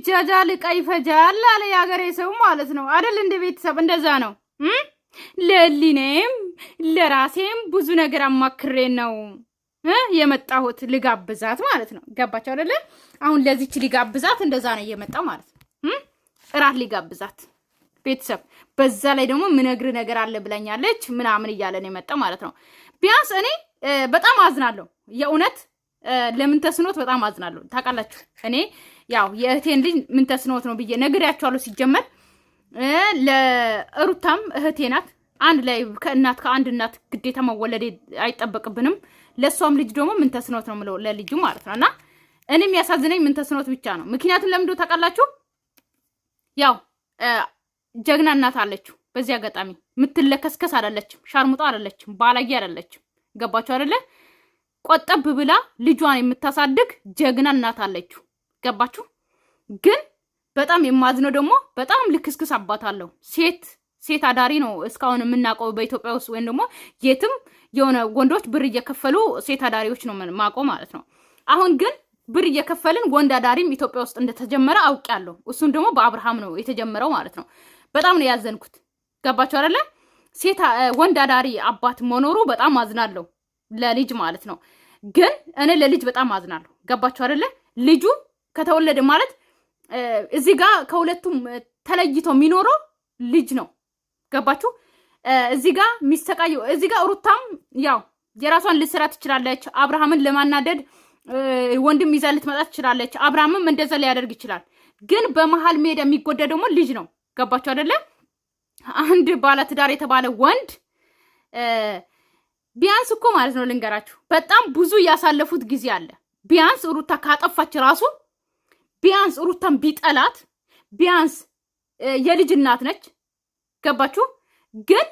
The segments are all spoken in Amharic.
ይጃጃል እቃ ይፈጃል አለ የሀገሬ ሰው ማለት ነው አደል? እንደ ቤተሰብ እንደዛ ነው። ለሊኔም ለራሴም ብዙ ነገር አማክሬ ነው የመጣሁት ልጋብዛት ማለት ነው። ገባቸው አደለ? አሁን ለዚች ሊጋብዛት እንደዛ ነው እየመጣው ማለት ነው። እራት ሊጋብዛት ቤተሰብ በዛ ላይ ደግሞ ምነግር ነገር አለ ብለኛለች ምናምን እያለ ነው የመጣው ማለት ነው። ቢያንስ እኔ በጣም አዝናለሁ የእውነት ለምን ተስኖት በጣም አዝናለሁ። ታውቃላችሁ እኔ ያው የእህቴን ልጅ ምን ተስኖት ነው ብዬ ነግሬያቸዋለሁ። ሲጀመር ለሩታም እህቴ ናት። አንድ ላይ ከእናት ከአንድ እናት ግዴታ መወለድ አይጠበቅብንም። ለእሷም ልጅ ደግሞ ምን ተስኖት ነው የምለው ለልጁ ማለት ነው። እና እኔም ያሳዝነኝ ምን ተስኖት ብቻ ነው። ምክንያቱም ለምንድ ታውቃላችሁ፣ ያው ጀግና እናት አለችው። በዚህ አጋጣሚ ምትለከስከስ አይደለችም፣ ሻርሙጣ አይደለችም፣ ባላጌ አይደለችም። ገባችሁ አይደለ? ቆጠብ ብላ ልጇን የምታሳድግ ጀግና እናት አለችው። ገባችሁ? ግን በጣም የማዝነው ደግሞ በጣም ልክስክስ አባት አለው። ሴት ሴት አዳሪ ነው እስካሁን የምናውቀው በኢትዮጵያ ውስጥ ወይም ደግሞ የትም የሆነ ወንዶች ብር እየከፈሉ ሴት አዳሪዎች ነው ማቆ ማለት ነው። አሁን ግን ብር እየከፈልን ወንድ አዳሪም ኢትዮጵያ ውስጥ እንደተጀመረ አውቄያለሁ። እሱን ደግሞ በአብርሃም ነው የተጀመረው ማለት ነው። በጣም ነው ያዘንኩት። ገባችሁ አይደለ? ሴት ወንድ አዳሪ አባት መኖሩ በጣም አዝናለሁ፣ ለልጅ ማለት ነው። ግን እኔ ለልጅ በጣም አዝናለሁ። ገባችሁ አይደለ? ልጁ ከተወለደ ማለት እዚህ ጋር ከሁለቱም ተለይቶ የሚኖረው ልጅ ነው። ገባችሁ? እዚህ ጋ የሚሰቃየው እዚህ ጋ ሩታም ያው የራሷን ልስራ ትችላለች። አብርሃምን ለማናደድ ወንድም ይዛ ልትመጣ ትችላለች። አብርሃምም እንደዛ ሊያደርግ ይችላል። ግን በመሀል ሜዳ የሚጎዳ ደግሞ ልጅ ነው። ገባችሁ አይደለም። አንድ ባለትዳር የተባለ ወንድ ቢያንስ እኮ ማለት ነው ልንገራችሁ፣ በጣም ብዙ ያሳለፉት ጊዜ አለ። ቢያንስ ሩታ ካጠፋች ራሱ ቢያንስ ሩታን ቢጠላት ቢያንስ የልጅ እናት ነች። ገባችሁ? ግን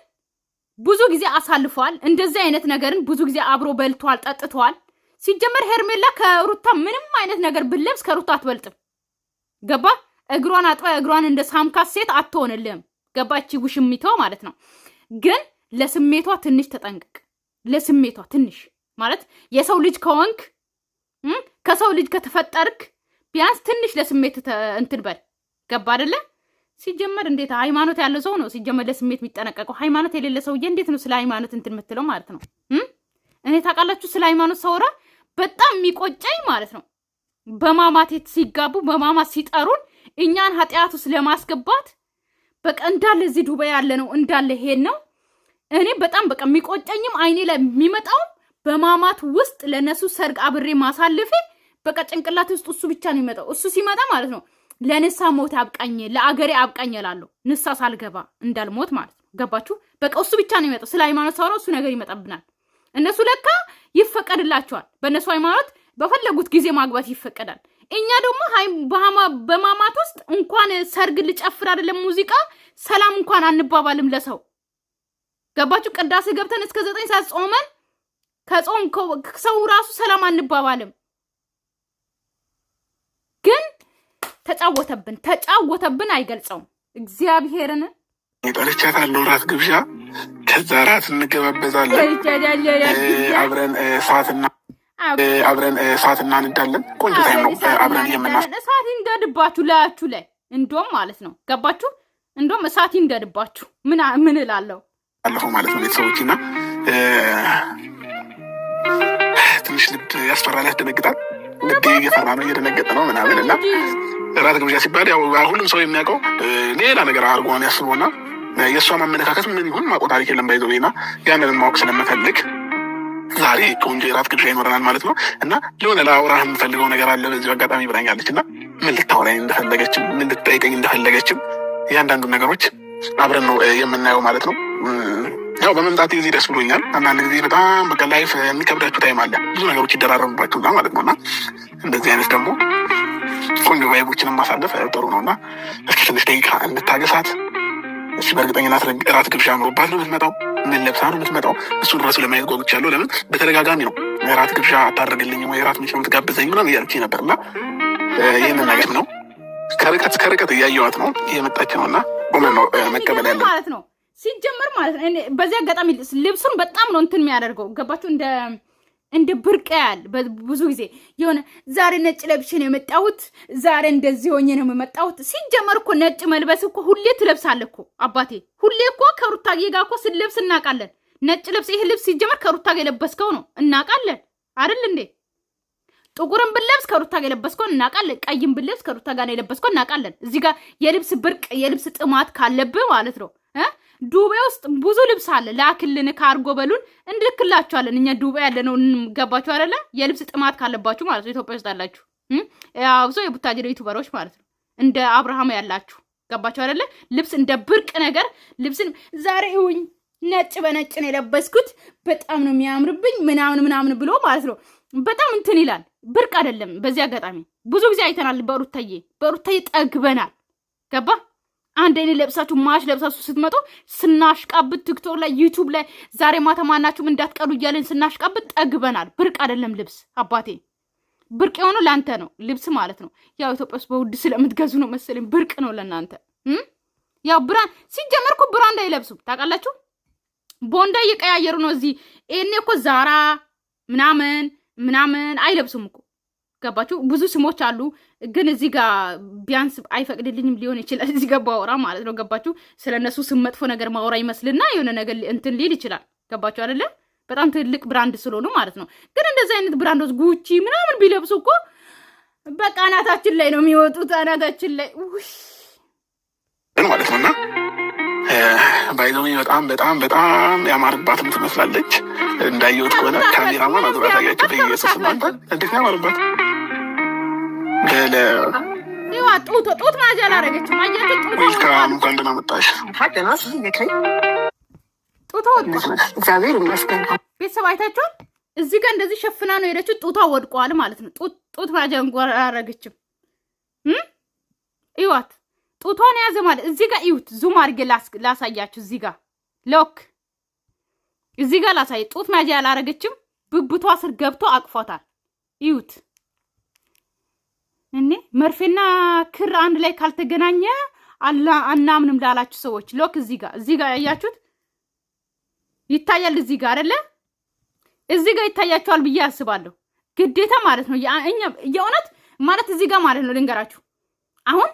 ብዙ ጊዜ አሳልፈዋል። እንደዚህ አይነት ነገርን ብዙ ጊዜ አብሮ በልተዋል፣ ጠጥተዋል። ሲጀመር ሄርሜላ ከሩታ ምንም አይነት ነገር ብለብስ ከሩታ አትበልጥም። ገባ? እግሯን አጥባ እግሯን እንደ ሳምካት ሴት አትሆንልም። ገባች? ውሽሚቶ ማለት ነው። ግን ለስሜቷ ትንሽ ተጠንቀቅ። ለስሜቷ ትንሽ ማለት የሰው ልጅ ከወንክ ከሰው ልጅ ከተፈጠርክ ቢያንስ ትንሽ ለስሜት እንትን በል ገባ አደለ? ሲጀመር እንዴት ሃይማኖት ያለው ሰው ነው ሲጀመር ለስሜት የሚጠነቀቀው። ሃይማኖት የሌለ ሰውዬ እንዴት ነው ስለ ሃይማኖት እንትን የምትለው ማለት ነው? እኔ ታውቃላችሁ፣ ስለ ሃይማኖት ሰውራ በጣም የሚቆጨኝ ማለት ነው በማማት ሲጋቡ በማማት ሲጠሩን እኛን ኃጢአት ውስጥ ለማስገባት በቃ እንዳለ እዚህ ዱባይ ያለ ነው እንዳለ ሄድ ነው እኔ በጣም በቃ የሚቆጨኝም አይኔ ላይ የሚመጣውም በማማት ውስጥ ለእነሱ ሰርግ አብሬ ማሳልፌ በቃ ጭንቅላት ውስጥ እሱ ብቻ ነው የሚመጣው። እሱ ሲመጣ ማለት ነው ለንሳ ሞት አብቃኝ፣ ለአገሬ አብቃኝ እላለሁ። ንሳ ሳልገባ እንዳልሞት ማለት ነው። ገባችሁ? በቃ እሱ ብቻ ነው የሚመጣው። ስለ ሃይማኖት ሳውራ እሱ ነገር ይመጣብናል። እነሱ ለካ ይፈቀድላቸዋል። በእነሱ ሃይማኖት በፈለጉት ጊዜ ማግባት ይፈቀዳል። እኛ ደግሞ በማማት ውስጥ እንኳን ሰርግ ልጨፍር አይደለም ሙዚቃ ሰላም እንኳን አንባባልም ለሰው ገባችሁ? ቅዳሴ ገብተን እስከ ዘጠኝ ሰዓት ጾመን ከጾም ሰው ራሱ ሰላም አንባባልም። ተጫወተብን ተጫወተብን አይገልጸውም። እግዚአብሔርን ጠርቻታለሁ ራት ግብዣ፣ ከዛ ራት እንገባበዛለን አብረን ሰዓትና አብረን እሳት እናንዳለን። ቆንጆ ታይም ነው። አብረን የምናስ እሳት ይንደድባችሁ ላያችሁ ላይ እንዶም ማለት ነው። ገባችሁ? እንዶም እሳት ይንደድባችሁ። ምን ምን እላለሁ አለፈው ማለት ነው። ቤተሰቦች እና ትንሽ ልብ ያስፈራል፣ ያስደነግጣል። ልብ እየፈራ ነው፣ እየደነገጠ ነው ምናምን እና እራት ግብዣ ሲባል ያው ሁሉም ሰው የሚያውቀው ሌላ ነገር አድርጎን ያስቦና የእሷ ማመለካከት ምን ይሁን ማቆጣሪክ የለም ባይዘዌና ያንን ማወቅ ስለምፈልግ ዛሬ ቆንጆ የራት ግብዣ ይኖረናል ማለት ነው። እና ለሆነ ለአውራህ የምፈልገው ነገር አለ በዚህ አጋጣሚ ብላኛለች እና ምን ልታወራኝ እንደፈለገችም ምን ልትጠይቀኝ እንደፈለገችም እያንዳንዱ ነገሮች አብረን ነው የምናየው ማለት ነው። ያው በመምጣት ጊዜ ደስ ብሎኛል። አንዳንድ ጊዜ በጣም በቃ ላይፍ የሚከብዳችሁ ታይም አለ ብዙ ነገሮች ይደራረቡባችሁ ማለት ነው እና እንደዚህ አይነት ደግሞ ቆንጆ ባይቦችንም ማሳለፍ ጥሩ ነው እና እስኪ ትንሽ ደቂቃ እንታገሳት። እሺ በእርግጠኝነት ራት ግብዣ አምሮባት ነው የምትመጣው። ምን ለብሳ ነው የምትመጣው? እሱን ራሱ ለማየት ጓጉቻለሁ። ለምን በተደጋጋሚ ነው ራት ግብዣ አታደርግልኝም ወይ ራት መቼ ነው የምትጋብዘኝ ምናምን እያለች ነበር እና ይህን ነገር ነው ከርቀት ከርቀት እያየዋት ነው እየመጣች ነው እና ቁመን ነው መቀበል ያለ ማለት ነው ሲጀመር ማለት ነው። በዚህ አጋጣሚ ልብሱን በጣም ነው እንትን የሚያደርገው ገባችሁ እንደ እንደ ብርቅ ያል ብዙ ጊዜ የሆነ ዛሬ ነጭ ለብሼ ነው የመጣሁት፣ ዛሬ እንደዚህ ሆኜ ነው የመጣሁት። ሲጀመር እኮ ነጭ መልበስ እኮ ሁሌ ትለብሳለህ እኮ አባቴ። ሁሌ እኮ ከሩታጌ ጋር እኮ ስለብስ እናውቃለን። ነጭ ልብስ ይህ ልብስ ሲጀመር ከሩታጌ የለበስከው ነው እናውቃለን አይደል እንዴ? ጥቁርን ብለብስ ከሩታ ጋር የለበስከው እናውቃለን። ቀይም ብለብስ ከሩታ ነው የለበስከው እናውቃለን። እዚህ ጋር የልብስ ብርቅ የልብስ ጥማት ካለብህ ማለት ነው ዱቤ ውስጥ ብዙ ልብስ አለ። ላክልን ካርጎ በሉን እንልክላችኋለን። እኛ ዱቤ ያለነው ነው። ገባችሁ አይደለ? የልብስ ጥማት ካለባችሁ ማለት ነው። ኢትዮጵያ ውስጥ አላችሁ አብሶ የቡታጅ ዩቱበሮች ማለት ነው። እንደ አብርሃም ያላችሁ ገባችሁ አይደለ? ልብስ እንደ ብርቅ ነገር ልብስን ዛሬ እውኝ ነጭ በነጭ ነው የለበስኩት በጣም ነው የሚያምርብኝ ምናምን ምናምን ብሎ ማለት ነው። በጣም እንትን ይላል። ብርቅ አይደለም። በዚህ አጋጣሚ ብዙ ጊዜ አይተናል። በሩታዬ በሩታዬ ጠግበናል። ገባ አንድ አይነት ለብሳችሁ ማሽ ለብሳችሁ ስትመጡ ስናሽቃብት ቲክቶክ ላይ ዩቱብ ላይ ዛሬ ማታ ማናችሁም እንዳትቀሉ እያለን ስናሽቃብት ጠግበናል። ብርቅ አይደለም ልብስ አባቴ፣ ብርቅ የሆነው ለአንተ ነው ልብስ ማለት ነው። ያው ኢትዮጵያ ውስጥ በውድ ስለምትገዙ ነው መሰለኝ ብርቅ ነው ለእናንተ። ያው ብራን ሲጀመር እኮ ብራንድ አይለብሱም ታውቃላችሁ። ቦንዳ እየቀያየሩ ነው እዚህ። ኔ እኮ ዛራ ምናምን ምናምን አይለብሱም እኮ ገባችሁ? ብዙ ስሞች አሉ፣ ግን እዚህ ጋር ቢያንስ አይፈቅድልኝም ሊሆን ይችላል። እዚህ ጋር ባወራ ማለት ነው። ገባችሁ? ስለ እነሱ ስም መጥፎ ነገር ማውራ ይመስልና የሆነ ነገር እንትን ሊል ይችላል። ገባችሁ አይደለ? በጣም ትልቅ ብራንድ ስለሆኑ ማለት ነው። ግን እንደዚህ አይነት ብራንዶች ጉቺ ምናምን ቢለብሱ እኮ በቃ አናታችን ላይ ነው የሚወጡት፣ አናታችን ላይ ማለት ነውና ባይዘሚ በጣም በጣም በጣም ያማርባትም ትመስላለች። እንዳየሁት ከሆነ ካሜራማን አዙራ ታያቸው በየሱስ ማንታ እንዴት ያማርባት ጡት ማጃ ላረገችው ዌልካም እንኳን ደህና መጣሽ። እግዚአብሔር ይመስገን። ቤተሰብ አይታችኋል። እዚህ ጋር እንደዚህ ሸፍና ነው የሄደችው። ጡቷ ወድቋል ማለት ነው። ጡት ማጃ እንኳን አላረገችም። ይዋት ጡቷን ያዘ ማለት እዚህ ጋር ይዩት። ዙም አድርጌ ላሳያችሁ። እዚህ ጋር ሎክ እዚህ ጋር ላሳየ ጡት ማጃ ያላረገችም። ብብቷ ስር ገብቶ አቅፏታል። ይዩት። እኔ መርፌና ክር አንድ ላይ ካልተገናኘ አናምንም ላላችሁ ሰዎች ሎክ እዚህ ጋር እዚህ ጋር ያያችሁት ይታያል። እዚህ ጋር አይደለ? እዚህ ጋር ይታያችኋል ብዬ አስባለሁ። ግዴታ ማለት ነው እኛ የእውነት ማለት እዚህ ጋር ማለት ነው። ልንገራችሁ፣ አሁን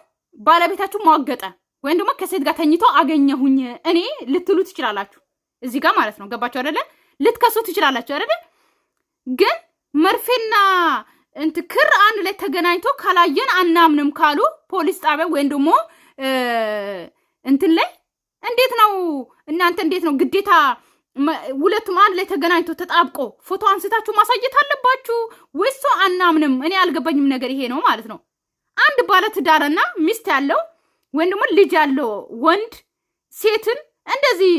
ባለቤታችሁ ማወገጠ ወይም ደግሞ ከሴት ጋር ተኝቶ አገኘሁኝ እኔ ልትሉ ትችላላችሁ። እዚህ ጋር ማለት ነው። ገባችሁ አይደለ? ልትከሱ ትችላላችሁ አይደለ? ግን መርፌና እንት ክር አንድ ላይ ተገናኝቶ ካላየን አናምንም ካሉ ፖሊስ ጣቢያ ወይም ደግሞ እንትን ላይ እንዴት ነው እናንተ እንዴት ነው ግዴታ ሁለቱም አንድ ላይ ተገናኝቶ ተጣብቆ ፎቶ አንስታችሁ ማሳየት አለባችሁ ወይሶ አናምንም? እኔ አልገባኝም ነገር ይሄ ነው ማለት ነው። አንድ ባለትዳርና ሚስት ያለው ወይም ደግሞ ልጅ ያለው ወንድ ሴትን እንደዚህ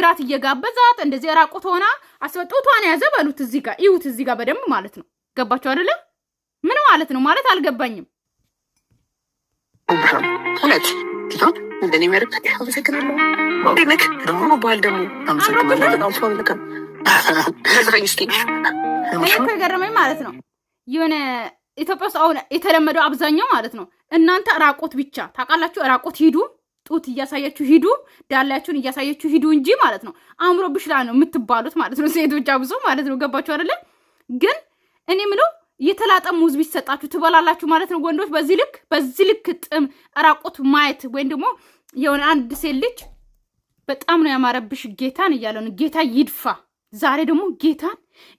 እራት እየጋበዛት እንደዚህ እራቁት ሆና አስበጡቷን ያዘ በሉት። እዚህ ጋር ይዩት፣ እዚህ ጋር በደንብ ማለት ነው። ገባችሁ አይደለም? ምን ማለት ነው? ማለት አልገባኝም። እውነት ማለት ነው የሆነ ኢትዮጵያ ውስጥ አሁን የተለመደው አብዛኛው ማለት ነው እናንተ ራቆት ብቻ ታውቃላችሁ። ራቆት ሂዱ፣ ጡት እያሳያችሁ ሂዱ፣ ዳላያችሁን እያሳያችሁ ሂዱ እንጂ ማለት ነው አእምሮ ብሽላ ነው የምትባሉት ማለት ነው ሴቶች አብዞ ማለት ነው ገባችሁ አይደለም? ግን እኔ ምለው የተላጠ ሙዝ ቢሰጣችሁ ትበላላችሁ ማለት ነው። ወንዶች በዚህ ልክ በዚህ ልክ ጥም ራቁት ማየት ወይም ደግሞ የሆነ አንድ ሴት ልጅ በጣም ነው ያማረብሽ ጌታን እያለ ነው። ጌታ ይድፋ። ዛሬ ደግሞ ጌታን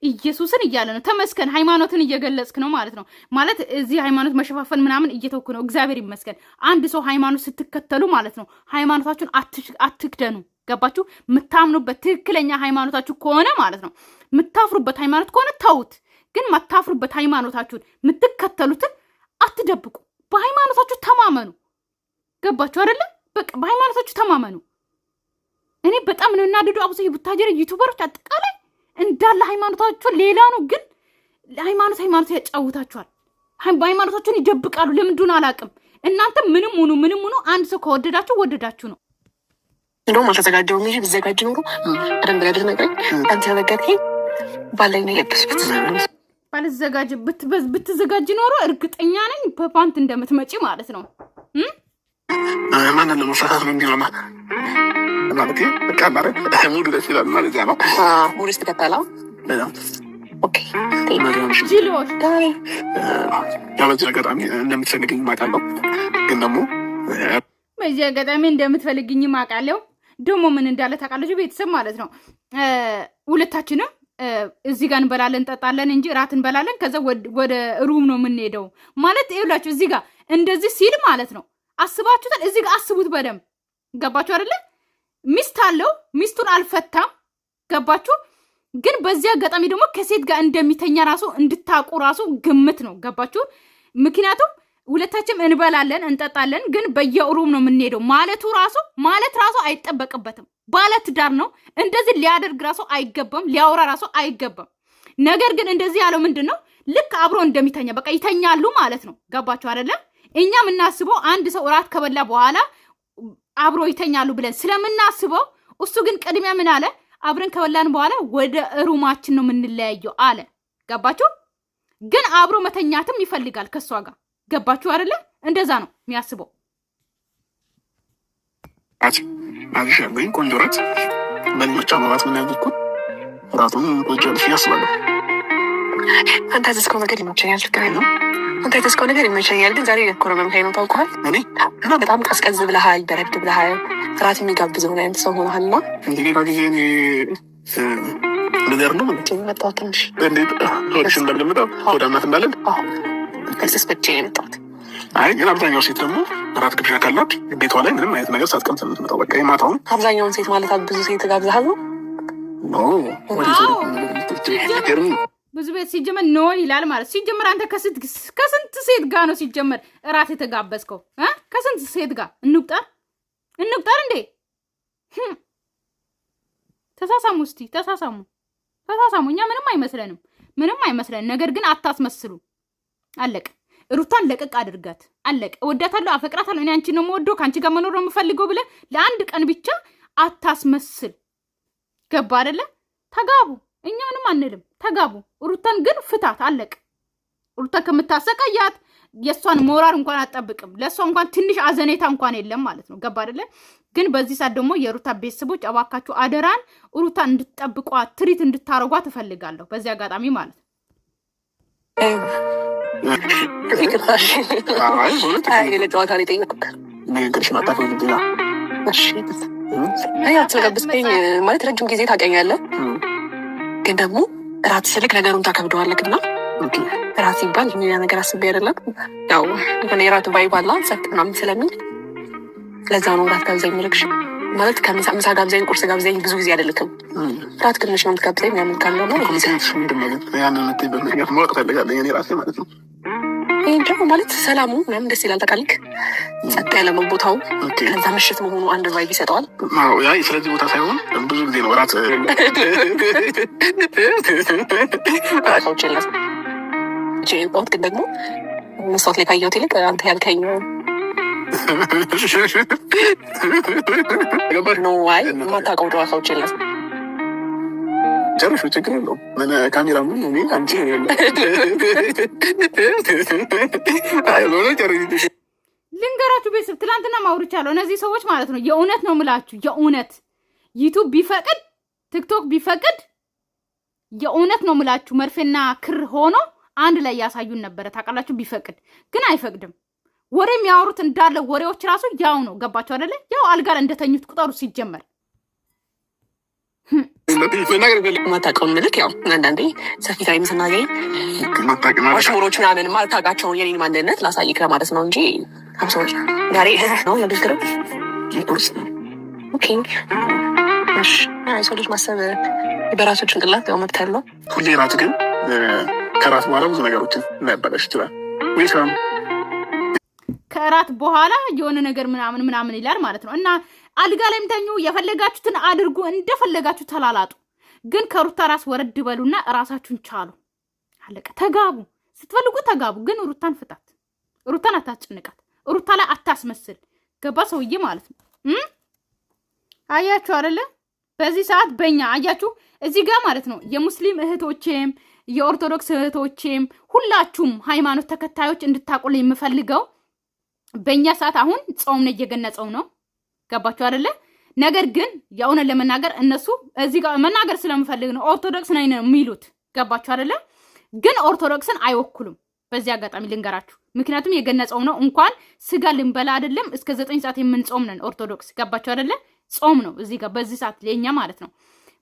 ኢየሱስን እያለ ነው። ተመስገን። ሃይማኖትን እየገለጽክ ነው ማለት ነው። ማለት እዚህ ሃይማኖት መሸፋፈን ምናምን እየተውክ ነው። እግዚአብሔር ይመስገን። አንድ ሰው ሃይማኖት ስትከተሉ ማለት ነው ሃይማኖታችሁን አትክደኑ። ገባችሁ? የምታምኑበት ትክክለኛ ሃይማኖታችሁ ከሆነ ማለት ነው የምታፍሩበት ሃይማኖት ከሆነ ተውት። ግን ማታፍሩበት ሃይማኖታችሁን የምትከተሉትን አትደብቁ። በሃይማኖታችሁ ተማመኑ። ገባችሁ አደለ? በቃ በሃይማኖታችሁ ተማመኑ። እኔ በጣም ነው እናደዱ አብዙ የቡታጀር ዩቱበሮች አጠቃላይ እንዳለ ሃይማኖታችሁ ሌላ ነው፣ ግን ሃይማኖት ሃይማኖት ያጫውታችኋል። በሃይማኖታችሁን ይደብቃሉ። ለምንድን አላውቅም። እናንተ ምንም ሁኑ ምንም ሁኑ፣ አንድ ሰው ከወደዳችሁ ወደዳችሁ ነው። እንደውም አልተዘጋጀው ሚ ቢዘጋጅ ኖሮ በደንብ ነገር አንተ ያዘጋጅ ባለኝ ነው የለበስኩት ባልዘጋጅ ብትዘጋጅ ኖሮ እርግጠኛ ነኝ በፓንት እንደምትመጪ ማለት ነው። ነው ማለት በቃ ሙድ ደስ ይላል ማለት ሙድ አጋጣሚ እንደምትፈልግኝ ማቃለው፣ ግን ደግሞ በዚህ አጋጣሚ እንደምትፈልግኝ ማቃለው ደግሞ ምን እንዳለ ታውቃለች ቤተሰብ ማለት ነው ሁለታችንም እዚህ ጋር እንበላለን እንጠጣለን እንጂ እራት እንበላለን፣ ከዛ ወደ ሩም ነው የምንሄደው ማለት ይብላችሁ። እዚህ ጋር እንደዚህ ሲል ማለት ነው። አስባችሁታል? እዚህ ጋር አስቡት በደንብ ገባችሁ አደለ ሚስት አለው ሚስቱን አልፈታም። ገባችሁ? ግን በዚህ አጋጣሚ ደግሞ ከሴት ጋር እንደሚተኛ ራሱ እንድታቁ ራሱ ግምት ነው። ገባችሁ? ምክንያቱም ሁለታችንም እንበላለን እንጠጣለን፣ ግን በየሩም ነው የምንሄደው ማለቱ ራሱ ማለት ራሱ አይጠበቅበትም። ባለትዳር ነው። እንደዚህ ሊያደርግ ራሱ አይገባም፣ ሊያወራ ራሱ አይገባም። ነገር ግን እንደዚህ ያለው ምንድን ነው? ልክ አብሮ እንደሚተኛ በቃ ይተኛሉ ማለት ነው። ገባችሁ አይደለም? እኛ የምናስበው አንድ ሰው እራት ከበላ በኋላ አብሮ ይተኛሉ ብለን ስለምናስበው፣ እሱ ግን ቅድሚያ ምን አለ? አብረን ከበላን በኋላ ወደ ሩማችን ነው የምንለያየው አለ። ገባችሁ? ግን አብሮ መተኛትም ይፈልጋል ከእሷ ጋር። ገባችሁ አይደለም? እንደዛ ነው የሚያስበው። አች አሪፍ ያለኝ ቆንጆ ናት። በልጆች አማራት ምን ያሉት ራቱን አንተ ነገር ይመቸኛል። ችግር የለውም። አንተ ያዘዝከው ነገር ይመቸኛል። ግን ዛሬ ነው ታውቀዋል። እኔ በጣም ቀዝቀዝ ብለሃል፣ በረድ ብለሃል። ራት አይነት ሰው ሆነሃል። ና እንግዲህ ጊዜ ነው መጣሁ ትንሽ እንዴት እንዳለን የመጣሁት አይ ግን አብዛኛው ሴት ደግሞ ራት ግብዣ ካላት ቤቷ ላይ ምንም አይነት ነገር ሳትቀምስ የምትመጣው በቃ የማታውን አብዛኛውን ሴት ማለት ብዙ ሴት ጋብዛሃል ነው ብዙ ቤት ሲጀመር ኖ ይላል ማለት ሲጀመር፣ አንተ ከስንት ሴት ጋር ነው ሲጀመር እራት የተጋበዝከው? ከስንት ሴት ጋር እንቁጠር እንቁጠር እንዴ! Hm። ተሳሳሙ እስቲ ተሳሳሙ ተሳሳሙ። እኛ ምንም አይመስለንም ምንም አይመስለን። ነገር ግን አታስመስሉ። አለቅ ሩታን ለቀቅ አድርጋት። አለቀ። እወዳታለሁ፣ አፈቅራታለሁ፣ እኔ አንቺን ነው የምወደው፣ ከአንቺ ጋር መኖር ነው የምፈልገው ብለ ለአንድ ቀን ብቻ አታስመስል። ገባ አደለ? ተጋቡ። እኛንም አንልም፣ ተጋቡ። ሩታን ግን ፍታት። አለቅ ሩታን ከምታሰቃያት የእሷን ሞራል እንኳን አጠብቅም። ለእሷ እንኳን ትንሽ አዘኔታ እንኳን የለም ማለት ነው። ገባ አደለ? ግን በዚህ ሰዓት ደግሞ የሩታ ቤተሰቦች እባካችሁ አደራን ሩታ እንድጠብቋ ትሪት እንድታረጓ ትፈልጋለሁ በዚህ አጋጣሚ ማለት ነው። አትበጠብጠኝ ማለት ረጅም ጊዜ ታገኛለህ፣ ግን ደግሞ እራት ስልክ ነገሩን ታከብደዋለህ እና እራት ሲባል ሌላ ነገር አስቤ አይደለም። ያው የሆነ የራት ቫይብ አለ ምናምን ስለሚል ለዛ ነው እራት ጋብዘኝ ልክሽ ማለት ከምሳ ጋብዘኝ፣ ቁርስ ጋብዘኝ ብዙ ጊዜ አይደልክም። እራት ትንሽ ነው የምትጋብዘኝ። ያምን ካለ ነው ይህ ማለት ሰላሙ ምናምን ደስ ይላል። ተቃልክ ጸጥ ያለ ቦታው ከዛ ምሽት መሆኑ አንድ ቫይብ ይሰጠዋል። ስለዚህ ቦታ ሳይሆን ብዙ ጊዜ ነው ራት ራሳዎች የለም ጭንጣውት ግን ደግሞ መስዋዕት ላይ ካየሁት ይልቅ አንተ ያልከኝ ነው። ዋይ የማታውቀው ጨዋታዎች የለም ጨረሹ ችግር የለውም። ካሜራ ምን አንቺ ልንገራችሁ ቤተሰብ ትላንትና ማውርቻለሁ። እነዚህ ሰዎች ማለት ነው የእውነት ነው ምላችሁ የእውነት ዩቱብ ቢፈቅድ ቲክቶክ ቢፈቅድ የእውነት ነው ምላችሁ መርፌና ክር ሆኖ አንድ ላይ ያሳዩን ነበረ። ታውቃላችሁ ቢፈቅድ ግን አይፈቅድም። ወሬ የሚያወሩት እንዳለ ወሬዎች ራሱ ያው ነው ገባቸው አደለ? ያው አልጋ ላይ እንደተኙት ቁጠሩ ሲጀመር ማታቀውን ምልክ ያው አንዳንዴ ሰፊ ታይም ስናገኝ ሽሙሮች ምናምን ማታቃቸውን የኔን ማንነት ላሳይክ ለማለት ነው እንጂ ሰዎች ዛሬ ነው ያሉት ሰው ልጅ ማሰብ በራሱ ጭንቅላት ያው መብት ያለው ሁሌ ራት ግን ከራት በኋላ ብዙ ነገሮችን ሊያበላሽ ይችላል። ከራት በኋላ የሆነ ነገር ምናምን ምናምን ይላል ማለት ነው እና አልጋ ላይም ተኙ፣ የፈለጋችሁትን አድርጉ፣ እንደፈለጋችሁ ተላላጡ። ግን ከሩታ ራስ ወረድ በሉና ራሳችሁን ቻሉ። አለቀ። ተጋቡ፣ ስትፈልጉ ተጋቡ። ግን ሩታን ፍታት፣ ሩታን አታስጨንቃት፣ ሩታ ላይ አታስመስል። ገባ ሰውዬ ማለት ነው። አያችሁ አይደለ? በዚህ ሰዓት በእኛ አያችሁ፣ እዚህ ጋር ማለት ነው የሙስሊም እህቶቼም የኦርቶዶክስ እህቶቼም ሁላችሁም ሃይማኖት ተከታዮች እንድታቆል የምፈልገው በእኛ ሰዓት አሁን ጾም ነው፣ እየገና ነው ገባችሁ አደለ? ነገር ግን የእውነት ለመናገር እነሱ እዚህ ጋር መናገር ስለምፈልግ ነው ኦርቶዶክስ ነኝ ነው የሚሉት። ገባችሁ አደለ ግን ኦርቶዶክስን አይወክሉም። በዚህ አጋጣሚ ልንገራችሁ፣ ምክንያቱም የገነጸው ነው እንኳን ስጋ ልንበላ አይደለም እስከ ዘጠኝ ሰዓት የምንጾም ነን ኦርቶዶክስ። ገባችሁ አደለ? ጾም ነው እዚህ ጋር በዚህ ሰዓት ለኛ ማለት ነው።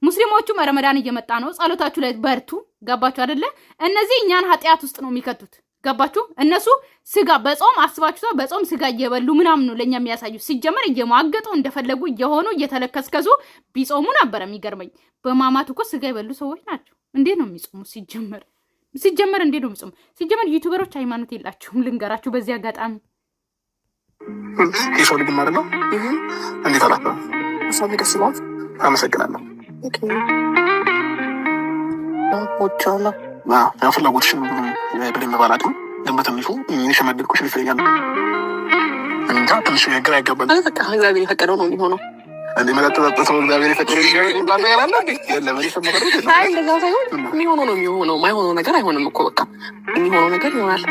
ሙስሊሞቹም ረመዳን እየመጣ ነው፣ ጸሎታችሁ ላይ በርቱ። ገባችሁ አደለ? እነዚህ እኛን ኃጢአት ውስጥ ነው የሚከቱት። ገባችሁ? እነሱ ስጋ በጾም አስባችሁ በጾም ስጋ እየበሉ ምናምን ነው ለእኛ የሚያሳዩ። ሲጀመር እየማገጡ እንደፈለጉ እየሆኑ እየተለከስከሱ ቢጾሙ ነበረ። የሚገርመኝ በማማት እኮ ስጋ የበሉ ሰዎች ናቸው። እንዴት ነው የሚጾሙ? ሲጀመር ሲጀመር እንዴት ነው የሚጾሙ? ሲጀመር ዩቱበሮች ሃይማኖት የላችሁም። ልንገራችሁ በዚህ አጋጣሚ የሰው ልጅ ማለት ነው። እንዴት አላ ሰው ደስ ይላል። አመሰግናለሁ። ፍላጎትሽን በደንብ ባላውቅም ግን በትንሹ የሸመደድኩሽ ይመስለኛል። እንጃ ትንሽ ግራ ያጋባል። በቃ እግዚአብሔር የፈቀደው ነው የሚሆነው። እንደ መጠጠጠሰው እግዚአብሔር የፈቀደው እንደዛ ሳይሆን የሚሆነው ነው የሚሆነው። ነገር አይሆንም እኮ በቃ የሚሆነው ነገር ይሆናል።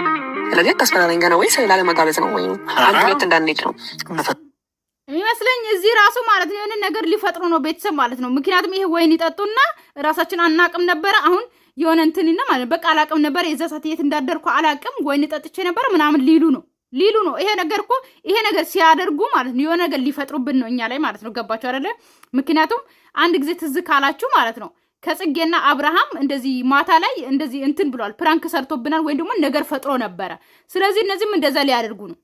ስለዚህ አታስፈራረኝ። ገና ወይስ ነው አንድ ሁለት እንዳንሄድ ነው እዚህ ራሱ ማለት ነው። የሆነ ነገር ሊፈጥሩ ነው ቤተሰብ ማለት ነው። ምክንያቱም ይሄ ወይን ይጠጡና ራሳችን አናቅም ነበረ አሁን የሆነ እንትንና ማለት በቃ አላቅም ነበር የዛ ሰዓት የት እንዳደርኩ አላቅም፣ ወይን ጠጥቼ ነበር ምናምን ሊሉ ነው ሊሉ ነው። ይሄ ነገር እኮ ይሄ ነገር ሲያደርጉ ማለት ነው የሆነ ነገር ሊፈጥሩብን ነው እኛ ላይ ማለት ነው። ገባችሁ አይደለ? ምክንያቱም አንድ ጊዜ ትዝ ካላችሁ ማለት ነው ከጽጌና አብርሃም እንደዚህ ማታ ላይ እንደዚህ እንትን ብሏል፣ ፕራንክ ሰርቶብናል ወይም ደግሞ ነገር ፈጥሮ ነበረ። ስለዚህ እነዚህም እንደዛ ሊያደርጉ ነው።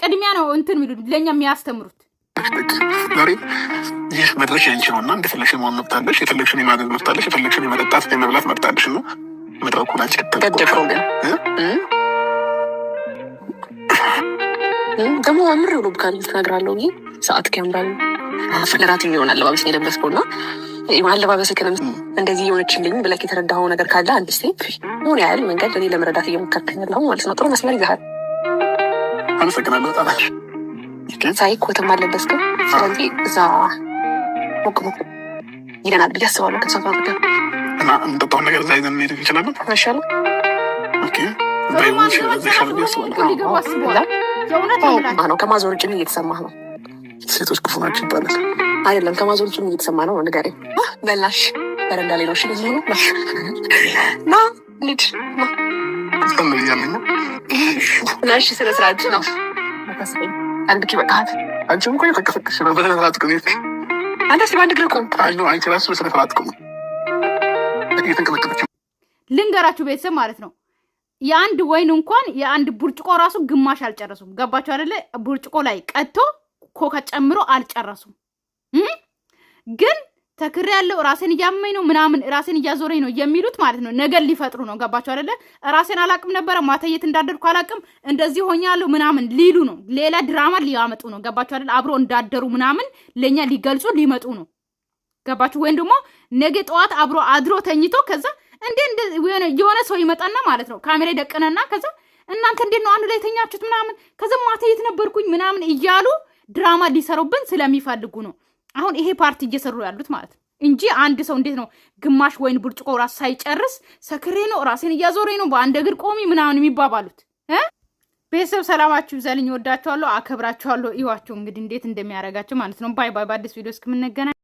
ቅድሚያ ነው እንትን ለእኛ የሚያስተምሩት ደግ ዛሬ ይህ መድረሽ ያንቺ ነው እና እንደፈለግሽን መሆን መብታለሽ። የፈለግሽን የማገዝ መብታለሽ። የፈለግሽን የመጠጣት የመብላት መብታለሽ ነው። መድረኩ ናጭ ገደፈው ግን ደግሞ አምር ብሎ ብካል ትነግራለሁ ይ ሰዓት ከምራል ፍቅራት የሚሆን አለባበስ የለበስከው እና አለባበስ ክለም እንደዚህ የሆነችልኝ ብለክ የተረዳኸው ነገር ካለ አንድ ስቴፕ ሆን ያህል መንገድ እኔ ለመረዳት እየሞከርክኝ ያለሁ ማለት ነው። ጥሩ መስመር ይዘሃል። አመሰግናለሁ ጣላሽ ሳይ ኮትም አለበስከው። ስለዚህ እዛ ሞቅ ሞቅ ይለናል ብዬ አስባለሁ። ከተሰፋ ጉዳይ እና እንጠጣውን ነገር እዛ ይዘን መሄድ እንችላለን። ይሻላል ከማዞር ውጭ እየተሰማህ ነው። ሴቶች ክፉ ናቸው ይባላል አይደለም? ከማዞር ውጭ እየተሰማ ነው። ንገረኝ በላሽ በረንዳ ላይ ነው እና ልጅ ነው አንድ ጊዜ በቃ አንቺም እኮ የፈቀፈቅሽ ነው። በስነ ስርዓት ቁሚ። አንተ እስኪ በአንድ እግር አይኖ አንቺ ራሱ በስነ ስርዓት ቁም። እየተንቀጠቀጠች ልንገራችሁ ቤተሰብ ማለት ነው። የአንድ ወይን እንኳን የአንድ ብርጭቆ ራሱ ግማሽ አልጨረሱም። ገባችሁ አደለ? ብርጭቆ ላይ ቀጥቶ ኮካ ጨምሮ አልጨረሱም ግን ተክሬ ያለው ራሴን እያመኝ ነው ምናምን ራሴን እያዞረኝ ነው የሚሉት ማለት ነው። ነገር ሊፈጥሩ ነው። ገባቸው አደለ? ራሴን አላቅም ነበረ ማተየት እንዳደርኩ አላቅም እንደዚህ ሆኛለሁ ምናምን ሊሉ ነው። ሌላ ድራማ ሊያመጡ ነው። ገባቸው አደለ? አብሮ እንዳደሩ ምናምን ለእኛ ሊገልጹ ሊመጡ ነው። ገባችሁ? ወይም ደግሞ ነገ ጠዋት አብሮ አድሮ ተኝቶ ከዛ እንዴ የሆነ ሰው ይመጣና ማለት ነው ካሜራ ይደቅነና ከዛ እናንተ እንዴት ነው አንድ ላይ ተኛችሁት ምናምን ከዛ ማተየት ነበርኩኝ ምናምን እያሉ ድራማ ሊሰሩብን ስለሚፈልጉ ነው። አሁን ይሄ ፓርቲ እየሰሩ ያሉት ማለት ነው እንጂ አንድ ሰው እንዴት ነው ግማሽ ወይን ብርጭቆ ራሱ ሳይጨርስ ሰክሬ ነው ራሴን እያዞሬ ነው በአንድ እግር ቆሚ ምናምን የሚባባሉት ቤተሰብ ሰላማችሁ ይብዛልኝ። ወዳችኋለሁ፣ አከብራችኋለሁ። እዩዋቸው እንግዲህ እንዴት እንደሚያደርጋቸው ማለት ነው። ባይ ባይ። በአዲስ ቪዲዮ እስክምንገናኝ